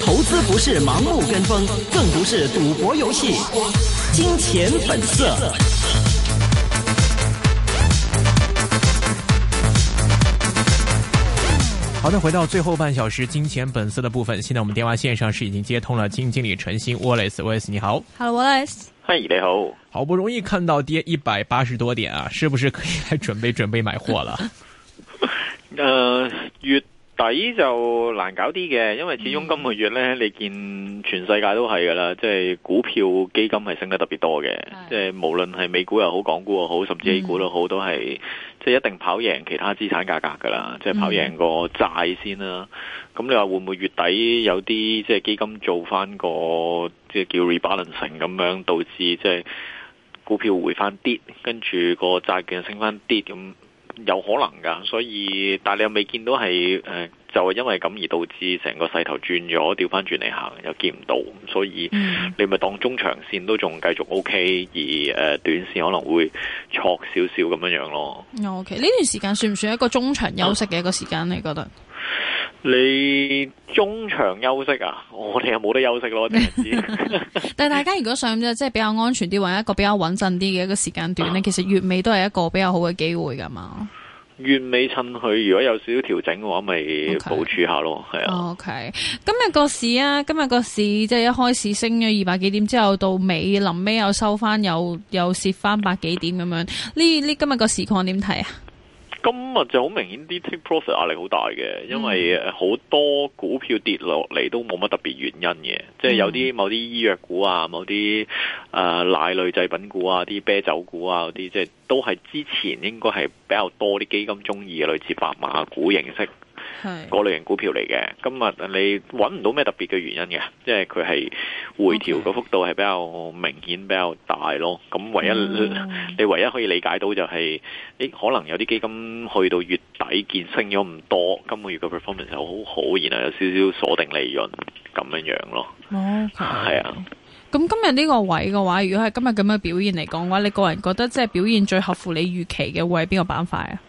投資不是盲目跟風，更不是賭博遊戲。金錢本色。好 的樂，回到最後半小時金錢本色的部分。現在我們電話線上是已經接通了，金經理陳昕 Wallace，Wallace 你好，Hello Wallace，Hi 你好，好不容易看到跌一百八十多點啊，是不是可以來準備準備買貨了？誒，uh, 月底就難搞啲嘅，因為始終今個月咧，你見全世界都係噶啦，即係股票基金係升得特別多嘅，是的 即係無論係美股又好，港股又好，甚至 A 股都好，嗯、都係即係一定跑贏其他資產價格噶啦，即係跑贏個債先啦。咁、嗯、你話會唔會月底有啲即係基金做翻個即係叫 rebalancing 咁樣，導致即係股票回翻啲，跟住個債券升翻啲咁？有可能噶，所以但係你又未見到係誒、呃，就係、是、因為咁而導致成個勢頭轉咗，調翻轉嚟行又見唔到，所以、嗯、你咪當中長線都仲繼續 O、OK, K，而誒、呃、短線可能會挫少少咁樣樣咯。OK，呢段時間算唔算一個中場休息嘅一個時間？嗯、你覺得？你？中場休息啊！我哋又冇得休息咯，點知？ 但係大家如果想即係比較安全啲，或者一個比較穩陣啲嘅一個時間段呢，啊、其實月尾都係一個比較好嘅機會噶嘛。月尾、啊、趁佢如果有少少調整嘅話，咪補注下咯。係 Okay. 啊。OK，今日個市啊，今日個市即係一開始升咗二百幾點之後，到尾臨尾又收翻，又又蝕翻百幾點咁樣。呢呢今日個市況點睇啊？今日就好明顯啲 take profit 壓力好大嘅，因為好多股票跌落嚟都冇乜特別原因嘅，即係有啲某啲醫藥股啊、某啲誒奶類製品股啊、啲啤酒股啊啲，即係都係之前應該係比較多啲基金中意嘅類似白馬股形式。係，嗰類型股票嚟嘅。今日你搵唔到咩特別嘅原因嘅，因為佢係回調個幅度係比較明顯比較大咯。咁唯一、嗯、你唯一可以理解到就係、是，誒可能有啲基金去到月底見升咗唔多，今個月嘅 performance 就好好，然後有少少鎖定利潤咁樣樣咯。哦，係、okay. 啊。咁今日呢個位嘅話，如果係今日咁嘅表現嚟講嘅話，你個人覺得即係表現最合乎你預期嘅會係邊個板塊啊？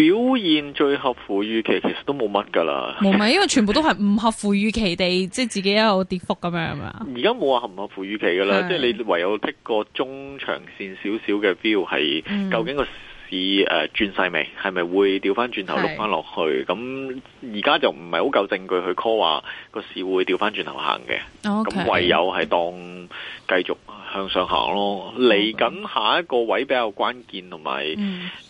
表現最合乎預期，其實都冇乜噶啦。冇咪，因為全部都係唔合乎預期地， 即係自己一有跌幅咁樣啊。而家冇話合唔合乎預期噶啦，是即係你唯有剔個中長線少少嘅 feel 係究竟個、嗯。啲誒轉勢未，係咪會調翻轉頭碌翻落去？咁而家就唔係好夠證據去 call 話個市會調翻轉頭行嘅。咁 Okay, 唯有係當繼續向上行咯。嚟緊下,下一個位比較關鍵同埋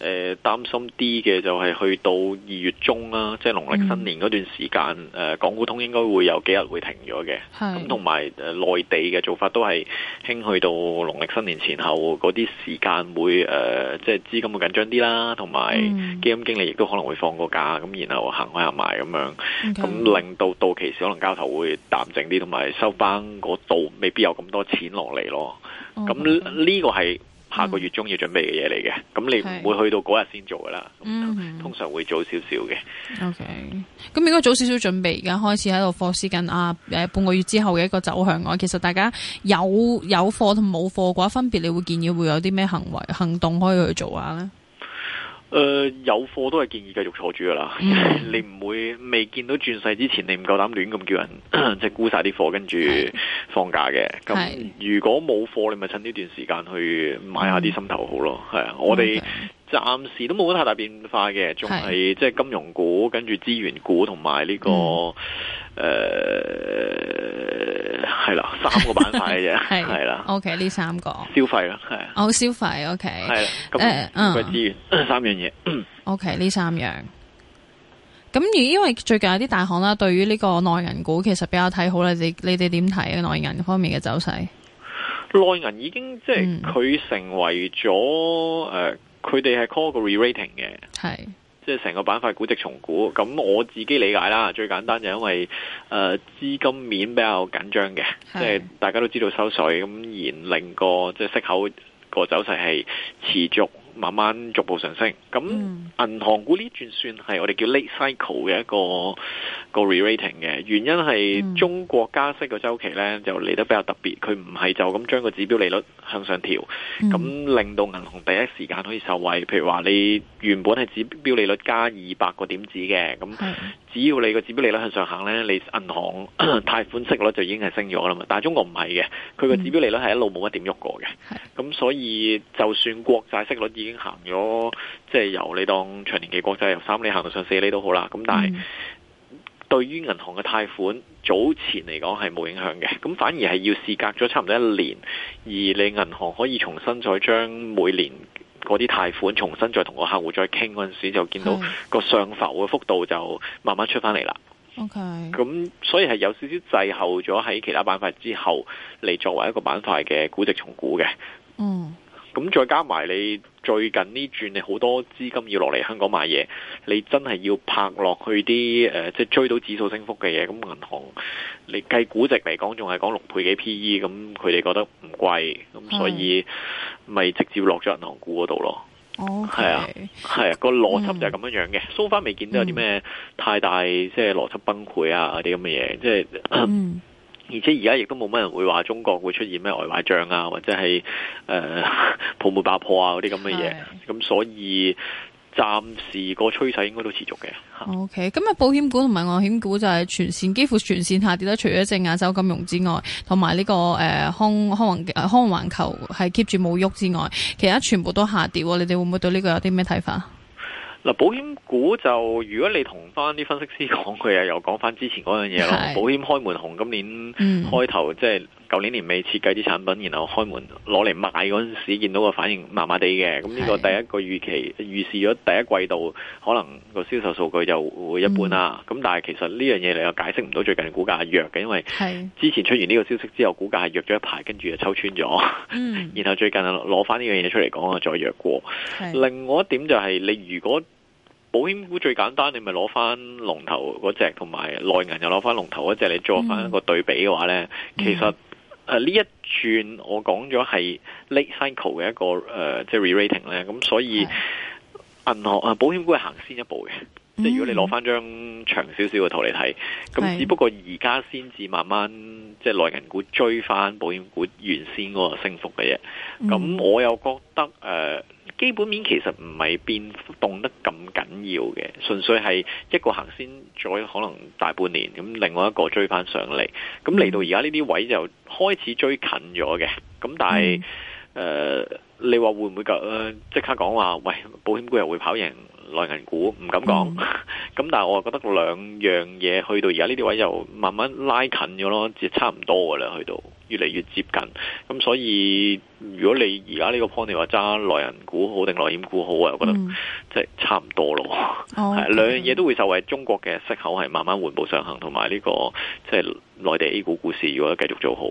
誒擔心啲嘅，就係去到二月中啦，即係農曆新年嗰段時間誒、呃、港股通應該會有幾日會停咗嘅。咁同埋誒內地嘅做法都係興去到農曆新年前後嗰啲時間會誒、呃、即係資金嘅緊漲啲啦，同埋 基金經理亦都可能會放個假咁，然後行開下埋咁樣，咁 Okay. 令到到期時可能交投會淡靜啲，同埋收班嗰度未必有咁多錢落嚟咯。咁呢、oh, okay. 個係下個月中要準備嘅嘢嚟嘅，咁、mm. 你唔會去到嗰日先做噶啦。Mm hmm. 通常會早少少嘅。O K. 咁應該早少少準備，而家開始喺度 focus 緊啊。誒，半個月之後嘅一個走向，我其實大家有有貨同冇貨嘅話，分別你會建議會有啲咩行為行動可以去做下咧？誒、呃，有貨都係建議繼續坐住噶啦，嗯、 你唔會未見到轉勢之前，你唔夠膽亂咁叫人即係 沽晒啲貨，跟住放假嘅。咁如果冇貨，你咪趁呢段時間去買下啲心頭好咯。係啊、嗯，我哋暫時都冇乜太大變化嘅，仲係即係金融股，跟住資源股同埋呢個誒。嗯呃係啦，三個板塊嘅啫，係啦 的。O K，呢三個消費咯，係。哦，oh, 消費，O K。係、okay、啦，咁嗯，資源 uh, uh, 三樣嘢。O K，呢三樣。咁而因為最近有啲大行啦，對於呢個內銀股其實比較睇好啦，你你哋點睇內銀方面嘅走勢？內銀已經即係佢、嗯、成為咗誒，佢哋係 call 個 re-rating 嘅。係。即係成個板塊估值重估，咁我自己理解啦，最簡單就因為誒資金面比較緊張嘅，即係的大家都知道收水，咁而令個即係、就是、息口個走勢係持續。慢慢逐步上升，咁銀行股呢轉算係我哋叫 late cycle 嘅一個一個 re-rating 嘅原因，係中國加息嘅周期呢就嚟得比較特別，佢唔係就咁將個指標利率向上調，咁、嗯、令到銀行第一時間可以受惠。譬如話你原本係指標利率加二百個點子嘅咁。只要你個指標利率向上行呢，你銀行 貸款息率就已經係升咗啦嘛。但係中國唔係嘅，佢個指標利率係一路冇乜點喐過嘅。咁、mm hmm. 所以就算國債息率已經行咗，即、就、係、是、由你當長年期國債由三釐行到上四釐都好啦。咁但係對於銀行嘅貸款，早前嚟講係冇影響嘅。咁反而係要事隔咗差唔多一年，而你銀行可以重新再將每年。嗰啲貸款重新再同個客戶再傾嗰陣時，就見到個上浮嘅幅度就慢慢出翻嚟啦。OK，咁所以係有少少滯後咗喺其他板塊之後嚟作為一個板塊嘅估值重估嘅。嗯。咁再加埋你最近呢轉，你好多資金要落嚟香港買嘢，你真係要拍落去啲誒、呃，即係追到指數升幅嘅嘢。咁、嗯、銀行你計估值嚟講，仲係講六倍幾 PE，咁、嗯、佢哋覺得唔貴，咁、嗯、所以咪是直接落咗銀行股嗰度咯。哦，係啊，係啊，個邏輯就係咁樣樣嘅。so far、嗯 so、未見到有啲咩太大邏輯、啊，即係邏輯崩潰啊啲咁嘅嘢，即、呃、係、嗯而且而家亦都冇乜人會話中國會出現咩外債賬啊，或者係誒、呃、泡沫爆破啊嗰啲咁嘅嘢，咁的所以暫時個趨勢應該都持續嘅。OK，咁啊，保險股同埋外險股就係全線幾乎全線下跌啦，除咗隻亞洲金融之外，同埋呢個誒康康宏康宏環球係 keep 住冇喐之外，其他全部都下跌。你哋會唔會對呢個有啲咩睇法？嗱，保險股就如果你同翻啲分析師講，佢又又講翻之前嗰樣嘢咯。是保險開門紅，今年開頭即係。嗯舊年年尾設計啲產品，然後開門攞嚟賣嗰陣時，見到個反應麻麻地嘅。咁呢是個第一個預期預示咗第一季度可能個銷售數據就會一般啦。咁、嗯、但係其實呢樣嘢你又解釋唔到最近股價弱嘅，因為之前出現呢個消息之後，股價係弱咗一排，跟住就抽穿咗。嗯、然後最近攞翻呢樣嘢出嚟講啊，再弱過。是另外一點就係、是、你如果保險股最簡單，你咪攞翻龍頭嗰隻，同埋內銀又攞翻龍頭嗰隻你做翻一個對比嘅話呢，其實。呢、uh, 一轉，我講咗係 late cycle 嘅一個誒，即係 re-rating 咧，咁所以銀行啊是保險股係行先一步嘅。即係、嗯、如果你攞翻張長少少嘅圖嚟睇，咁只不過而家先至慢慢即係內銀股追翻保險股原先嗰個升幅嘅啫。咁、嗯、我又覺得誒。Uh, 基本面其實唔係變動得咁緊要嘅，純粹係一個行先咗，可能大半年，咁另外一個追返上嚟，咁嚟到而家呢啲位就開始追近咗嘅，咁但係，嗯誒，uh, 你話會唔會噶？即刻講話，喂，保險股又會跑贏內銀股？唔敢講。咁、嗯、 但係我又覺得兩樣嘢去到而家呢啲位又慢慢拉近咗咯，即差唔多噶啦，去到越嚟越接近。咁所以如果你而家呢個 point 你話揸內銀股好定內險股好啊？我覺得、嗯、即係差唔多咯。係兩、哦、 樣嘢都會受惠，中國嘅息口係慢慢緩步上行，同埋呢個即係內地 A 股股,股市如果繼續做好。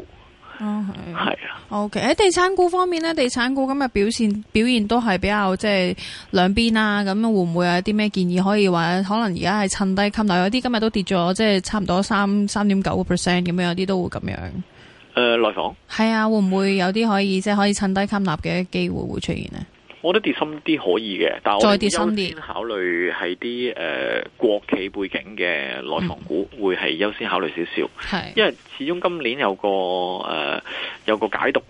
哦，係，啊。O K，喺地產股方面咧，地產股今日表現表現都係比較即係兩邊啦。咁會唔會有啲咩建議可以話？可能而家係趁低吸納有啲，今日都跌咗，即係差唔多三三點九個 percent 咁樣，有啲都會咁樣。誒，內房係啊，會唔會有啲可以即係可以趁低吸納嘅機會會出現呢？我覺得跌深啲可以嘅，但係我會優先考慮係啲誒國企背景嘅內房股，嗯、會係優先考慮少少。係是，因為始終今年有個誒、呃、有個解讀，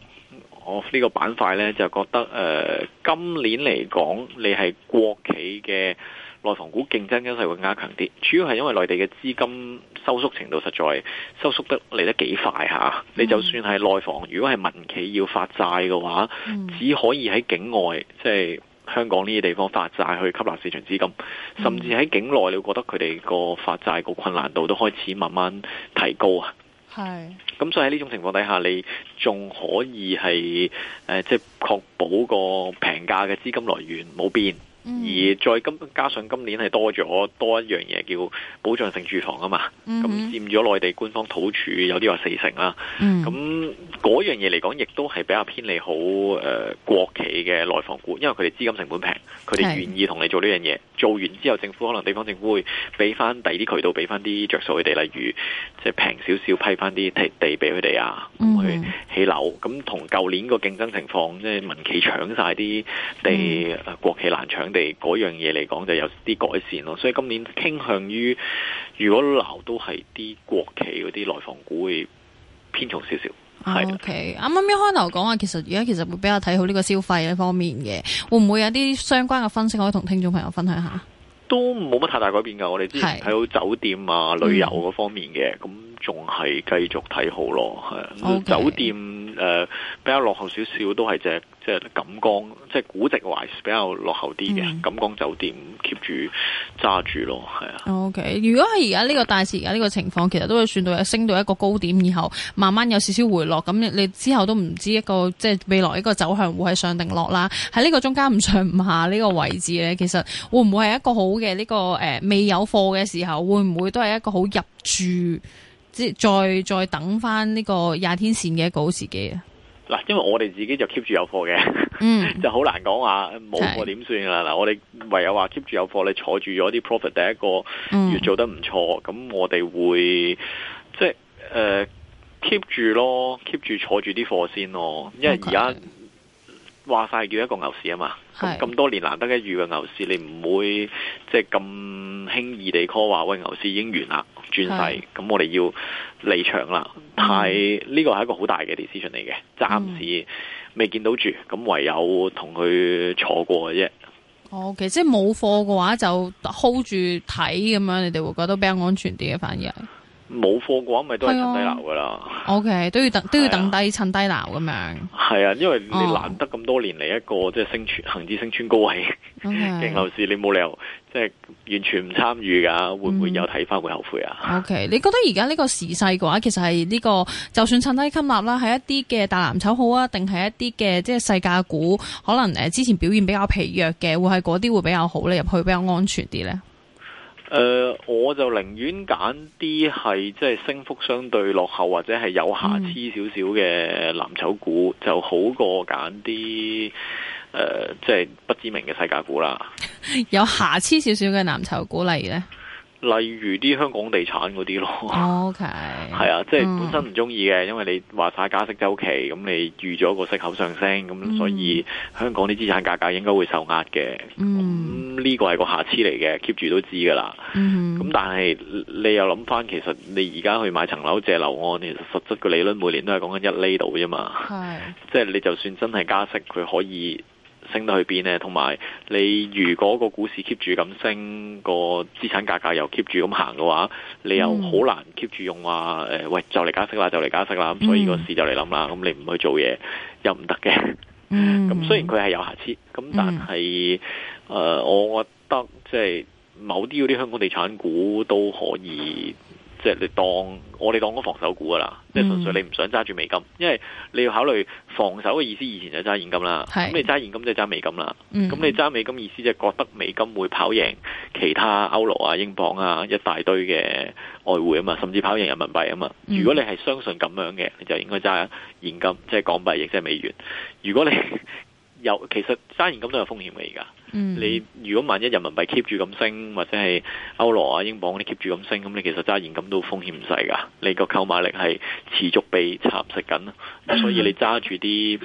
我呢個板塊呢，就覺得誒、呃、今年嚟講，你係國企嘅。內房股競爭應該會加強啲，主要係因為內地嘅資金收縮程度實在收縮得嚟得幾快嚇。嗯、你就算係內房，如果係民企要發債嘅話，嗯、只可以喺境外，即、就、係、是、香港呢啲地方發債去吸納市場資金，嗯、甚至喺境內，你會覺得佢哋個發債個困難度都開始慢慢提高啊。係是。咁所以喺呢種情況底下，你仲可以係誒，即、呃、係、就是、確保個平價嘅資金來源冇變。嗯、而再今加上今年係多咗多一樣嘢叫保障性住房啊嘛，咁佔咗內地官方土儲有啲話四成啦，啊，咁樣嘢嚟講亦都係比較偏利好誒、呃、國企嘅內房股，因為佢哋資金成本平，佢哋願意同你做呢樣嘢。是做完之後政府可能地方政府會俾翻第啲渠道俾翻啲着數佢哋，例如即係平少少批翻啲地俾佢哋啊，嗯、去起樓，咁同舊年個競爭情況，即係民企搶晒啲地，企國企難搶，地嗰樣嘢嚟講就有啲改善咯，所以今年傾向於如果鬧都係啲國企嗰啲內房股會偏重少少。OK，啱啱一開頭講話，其實而家其實會比較睇好呢個消費呢方面嘅，會唔會有啲相關嘅分析可以同聽眾朋友分享下？都冇乜太大改變噶，我哋之前睇到酒店啊、的旅遊嗰方面嘅咁。嗯嗯仲係繼續睇好咯，Okay. 酒店誒、呃、比較落後少少，都係隻即係錦江，即係估值話比較落後啲嘅錦江酒店 keep 住揸住咯，係啊。OK，如果係而家呢個大市，而家呢個情況，其實都會算到升到一個高點，以後慢慢有少少回落，咁你之後都唔知一個即係未來一個走向會係上定落啦。喺呢個中間唔上唔下呢個位置咧，其實會唔會係一個好嘅呢、呢個誒、呃、未有貨嘅時候，會唔會都係一個好入住？即再再等翻呢個廿天線嘅一個好時機啊！嗱，因為我哋自己就 keep 住有貨嘅，嗯， 就好難講話冇貨點算㗎喇！嗱，是我哋唯有話 keep 住有貨，你坐住咗啲 profit，第一個月做得唔錯，咁、嗯、我哋會即係誒 keep 住咯，keep 住坐住啲貨先咯，因為而家。話晒叫一個牛市啊嘛，咁多年難得一遇嘅牛市，你唔會即係咁輕易地 call 話喂牛市已經完啦，轉世。是」咁我哋要離場啦。但係呢個係一個好大嘅 decision 嚟嘅，暫時未見到住，咁唯有同佢坐過嘅啫。哦，其實冇貨嘅話就 hold 住睇，咁樣你哋會覺得比較安全啲嘅，反而。冇貨嘅話咪都係趁低撈噶啦。O、okay, K 都要等都要等低、啊、趁低撈咁樣。係啊，因為你難得咁多年嚟一個即係升穿恒指升穿高位，然後市你冇理由即係完全唔參與噶，會唔會有睇返、嗯、會後悔啊？O、okay, K，你覺得而家呢個時勢嘅話，其實係呢、這個就算趁低吸納啦，係一啲嘅大藍籌好啊，定係一啲嘅即係細價股，可能誒之前表現比較疲弱嘅，會係嗰啲會比較好咧，入去比較安全啲咧？誒、呃，我就寧願揀啲係即係升幅相對落後，或者係有瑕疵少少嘅藍籌股，嗯、就好過揀啲誒，即、呃、係、就是、不知名嘅世界股啦。 有瑕疵少少嘅藍籌股嚟咧？例如例如啲香港地產嗰啲咯，OK，係啊，即係本身唔中意嘅，嗯、因為你話晒加息週期，咁你預咗個息口上升，咁所以香港啲資產價格應該會受壓嘅。呢、嗯嗯、個係個瑕疵嚟嘅，keep 住都知㗎啦。咁、嗯嗯嗯、但係你又諗翻，其實你而家去買層樓借樓按，其實實質個利率每年都係講緊一厘度啫嘛。即係是你就算真係加息，佢可以，升得去邊呢？同埋你如果個股市 keep 住咁升，個資產價格又 keep 住咁行嘅話，你又好難 keep 住用話、啊、誒，喂就嚟加息啦，就嚟加息啦，咁，所以個市就嚟諗啦，咁你唔去做嘢又唔得嘅。咁 雖然佢係有瑕疵，咁但係誒、呃，我覺得即係某啲嗰啲香港地產股都可以。即係你當我哋當個防守股噶啦，即係純粹你唔想揸住美金，因為你要考慮防守嘅意思，以前就揸現金啦。咁是你揸現金即係揸美金啦。咁、嗯、你揸美金意思即係覺得美金會跑贏其他歐羅啊、英鎊啊、一大堆嘅外匯啊嘛，甚至跑贏人民幣啊嘛。嗯、如果你係相信咁樣嘅，你就應該揸現金，即係港幣亦即係美元。如果你 有，其實揸現金都有風險嘅，而家，你如果萬一人民幣 keep 住咁升，或者係歐羅啊、英鎊嗰啲 keep 住咁升，咁你其實揸現金都風險唔細㗎，你個購買力係持續被蠶食緊，所以你揸住啲。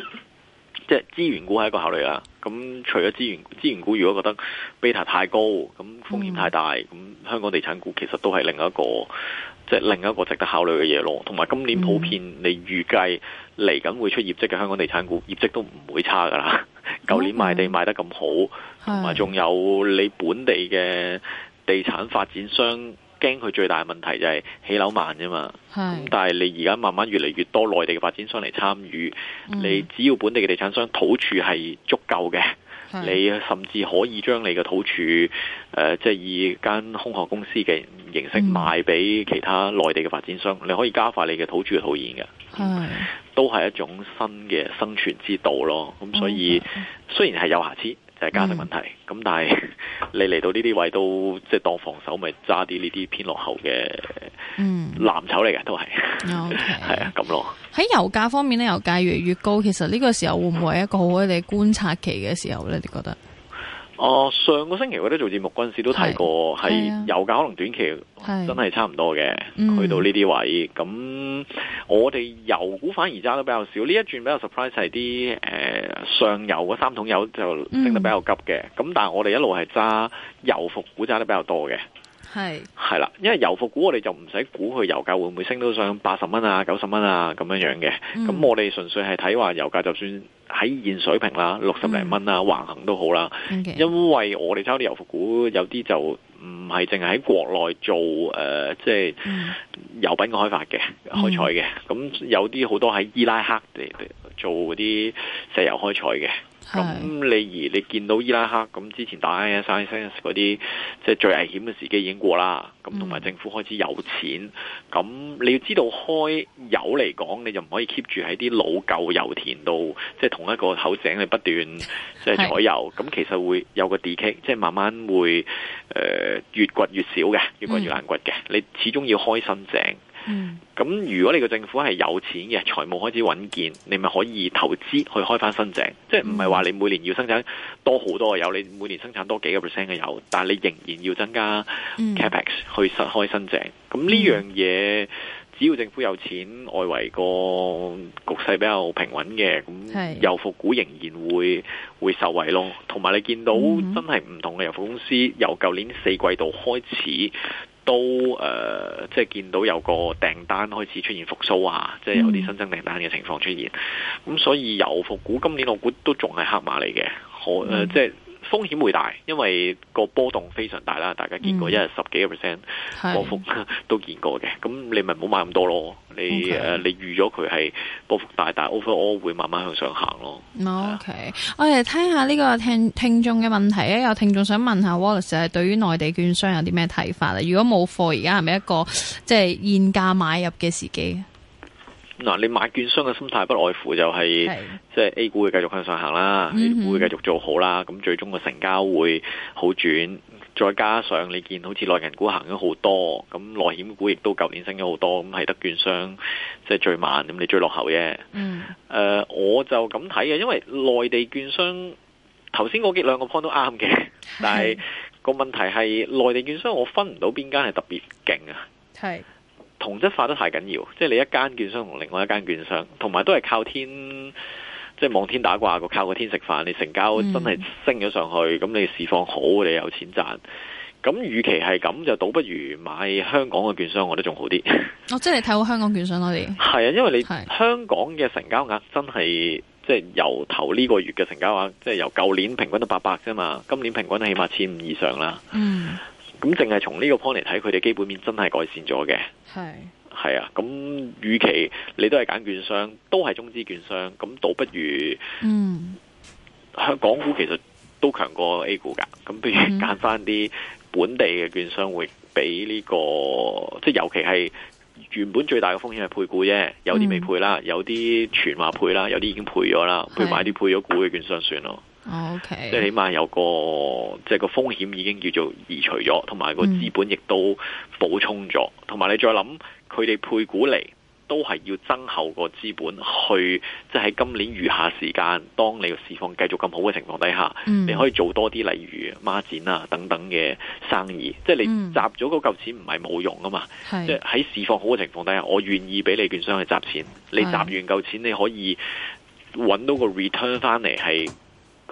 即係資源股係一個考慮啦。咁除咗資源資源股，源股如果覺得 beta 太高，咁風險太大，咁、嗯、香港地產股其實都係另一個即係另一個值得考慮嘅嘢咯。同埋今年普遍你預計嚟緊會出業績嘅香港地產股，業績都唔會差噶啦。舊、嗯、 年賣地賣得咁好，同埋仲有你本地嘅地產發展商，驚佢最大嘅問題就係起樓慢啫嘛，咁是但係你而家慢慢越嚟越多內地嘅發展商嚟參與，嗯、你只要本地嘅地產商土儲係足夠嘅，是你甚至可以將你嘅土儲誒，即係以間空殼公司嘅形式賣俾其他內地嘅發展商，嗯、你可以加快你嘅土儲嘅套現嘅，是都係一種新嘅生存之道咯。咁、嗯、所以、嗯、okay, okay. 雖然係有瑕疵。係價值問題，咁、嗯、但係你嚟到呢啲位都即係當防守，咪揸啲呢啲偏落後嘅藍籌嚟嘅，都係，係啊、嗯，咁、okay. 咯 喺油價方面咧，油價越嚟越高，其實呢個時候會唔會係一個好嘅觀察期嘅時候咧？你覺得？哦、呃，上個星期我都做節目，陣時都提過，係是油價可能短期真係差唔多嘅，是去到呢啲位。咁、嗯、我哋油股反而揸得比較少，呢一轉比較 surprise 係啲誒上游嗰三桶油就升得比較急嘅。咁、嗯、但係我哋一路係揸油服股揸得比較多嘅。係係啦，因為油服股我哋就唔使估佢油價會唔會升到上八十蚊啊、九十蚊啊咁樣樣嘅。咁、嗯、我哋純粹係睇話油價就算喺現水平啦，六十零蚊啦橫、嗯、行都好啦。Okay. 因為我哋炒啲油服股，有啲就唔係淨係喺國內做誒、呃，即係、嗯、油品嘅開發嘅開採嘅。咁、嗯、有啲好多喺伊拉克地。做嗰啲石油開採嘅，咁的你而你見到伊拉克咁之前打 ISIS 嗰啲，即、就、係、是、最危險嘅時機已經過啦。咁同埋政府開始有錢，咁、嗯、你要知道開油嚟講，你就唔可以 keep 住喺啲老舊油田度，即、就、係、是、同一個口井你不斷即係採油。咁的其實會有個 d decay，即係慢慢會誒、呃、越掘越少嘅，越掘越難掘嘅。嗯、你始終要開新井。嗯，咁如果你個政府係有錢嘅，財務開始穩健，你咪可以投資去開翻新井，即係唔係話你每年要生產多好多油，你每年生產多幾個 percent 嘅油，但係你仍然要增加 capex 去開新井。咁呢、嗯、樣嘢，嗯、只要政府有錢，外圍個局勢比較平穩嘅，咁是油服股仍然會會受惠咯。同埋你見到真係唔同嘅油服公司，由舊年四季度開始。都誒、呃，即係見到有個訂單開始出現復蘇啊，即係有啲新增訂單嘅情況出現。咁、嗯、所以由復古今年我估都仲係黑馬嚟嘅，可，誒、呃、即係。風險會大，因為個波動非常大啦。大家見過一日、嗯、十幾個 percent 波幅都見過嘅，咁是你咪唔好買咁多咯。你 Okay. 你預咗佢係波幅大，但係 overall 會慢慢向上行咯。O Okay . K，是我哋聽下呢個聽聽眾嘅問題咧。有聽眾想問下 Wallace 係對於內地券商有啲咩睇法咧？如果冇貨，而家係咪一個即係、就是、現價買入嘅時機？嗱，你買券商嘅心態不外乎就係，即係 A 股會繼續向上行啦是，A 股會繼續做好啦，咁、嗯、哼最終嘅成交會好轉，再加上你見好似內銀股行咗好多，咁內險股亦都舊年升咗好多，咁係得券商即係最慢，咁你追落後嘅。嗯 uh, 我就咁睇嘅，因為內地券商頭先嗰幾兩個 point 都啱嘅，但係個問題係是內地券商，我分唔到邊間係特別勁啊。係。同質化得太緊要，即係你一間券商同另外一間券商，同埋都係靠天，即係望天打卦個靠個天食飯。你成交真係升咗上去，咁、嗯、你市況好，你有錢賺。咁與其係咁，就倒不如買香港嘅券商，我覺得仲好啲。我真係睇好香港券商多啲，係啊，因為你香港嘅成交額真係即係由頭呢個月嘅成交額，即係由舊年平均都八百啫嘛，今年平均起碼千五以上啦。嗯。咁淨係從呢個 point 嚟睇，佢哋基本面真係改善咗嘅。係係是啊，咁與其你都係揀券商，都係中資券商，咁倒不如，嗯，香港股其實都強過 A 股噶。咁不如揀翻啲本地嘅券商會比呢、這個，即係、嗯、尤其係原本最大嘅風險係配股啫，有啲未配啦，有啲全話配啦，有啲已經配咗啦，不如買啲配咗股嘅券商算咯。O K，即係起碼有個即係、就是、個風險已經叫做移除咗，同埋個資本亦都補充咗。同埋、mm. 你再諗，佢哋配股嚟都係要增厚個資本去，去即係喺今年餘下時間，當你個市況繼續咁好嘅情況底下，mm. 你可以做多啲例如孖展啊等等嘅生意。即、就、係、是、你集咗嗰嚿錢唔係冇用啊嘛，即係喺市況好嘅情況底下，我願意俾你券商去集錢。你集完嚿錢，你可以揾到個 return 翻嚟係。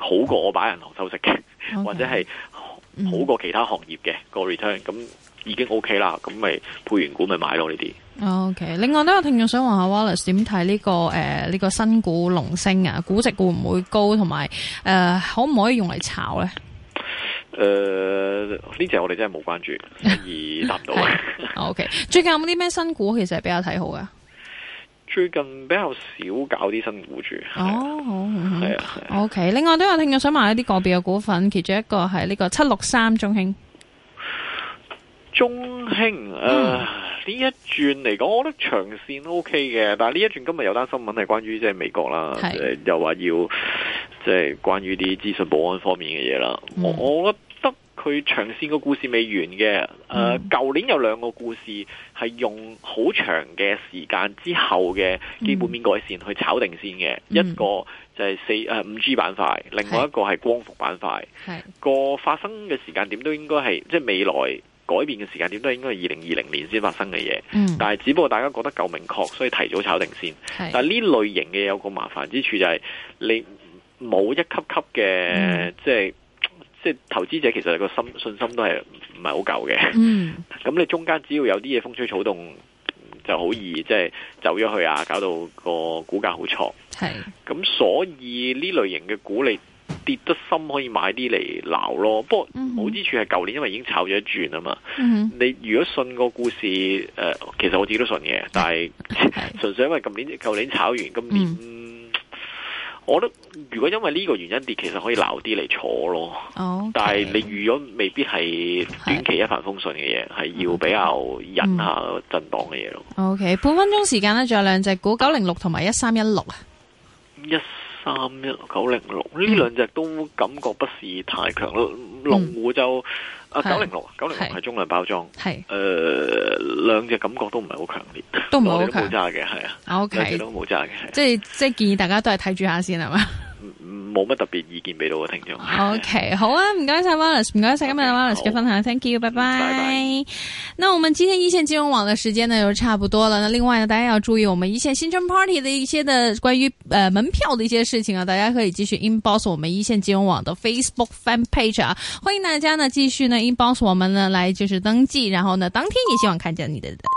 好過我擺銀行收息嘅，Okay. 或者係好過其他行業嘅個 return，咁已經 OK 啦。咁咪配完股咪買咯呢啲。OK，另外都有聽眾想問下 Wallace 點睇呢、這個誒呢、呃這個新股龍升啊，估值會唔會高，同埋誒可唔可以用嚟炒咧？誒、呃，呢、這、隻、個、我哋真係冇關注，而答唔到。 OK，最近有冇啲咩新股其實係比較睇好嘅？最近比較少搞啲新股住，哦，好，係啊，OK。另外都有聽友想買一啲個別嘅股份，其中一個係呢、這個七六三中興。中興啊，呢、呃嗯、一轉嚟講，我覺得長線 OK 嘅，但係呢一轉今日有單新聞係關於即係、就是、美國啦，又話是要即係、就是、關於啲資訊保安方面嘅嘢啦，嗯、我我。佢長線個故事未完嘅，誒、嗯，舊年有兩個故事係用好長嘅時間之後嘅基本面改善、嗯、去炒定先嘅，嗯、一個就係四誒五 G 板塊，另外一個係光伏板塊，個發生嘅時間點都應該係即係未來改變嘅時間點都應該係二零二零年先發生嘅嘢，嗯、但係只不過大家覺得夠明確，所以提早炒定先。是但係呢類型嘅有個麻煩之處就係你冇一級級嘅、嗯、即係。嗯嗯即係投資者其實個心信心都係唔係好夠嘅，咁、嗯、你中間只要有啲嘢風吹草動，就好易即係走咗去啊，搞到個股價好挫。係咁是，所以呢類型嘅股你跌得深可以買啲嚟撈咯。不過冇之處係舊年因為已經炒咗一轉啊嘛。嗯、哼你如果信個故事，誒、呃，其實我自己都信嘅，但係純粹因為今年舊年炒完，今年。嗯我覺得如果因為呢個原因跌，其實可以留啲嚟坐咯。Okay. 但係你預咗未必係短期一帆風順嘅嘢，係 Okay. 要比較忍下震盪嘅嘢咯。O、okay. K，半分鐘時間呢，仲有兩隻股，九零六同埋一三一六啊。一、yes. 三一九零六呢兩隻都感覺不是太強咯，龍虎就、嗯、啊九零六，九零六係中量包裝，係誒是、呃、兩隻感覺都唔係好強烈，都唔係好強嘅係啊，有幾 Okay, 都冇揸嘅，即係即係建議大家都係睇住下先係咪。冇乜特別意見俾到個聽眾。OK， 好啊，唔該晒，Wallace，唔該晒今日 Wallace 嘅分享好，Thank you，bye bye 拜拜。那我們今天一線金融網嘅時間呢就差不多了。那另外呢，大家要注意我們一線新春 Party 的一些的關於誒、呃、門票的一些事情啊，大家可以繼續 inbox 我們一線金融網的 Facebook fan page 啊，歡迎大家呢繼續呢 inbox 我們呢來就是登記，然後呢當天也希望看見你的。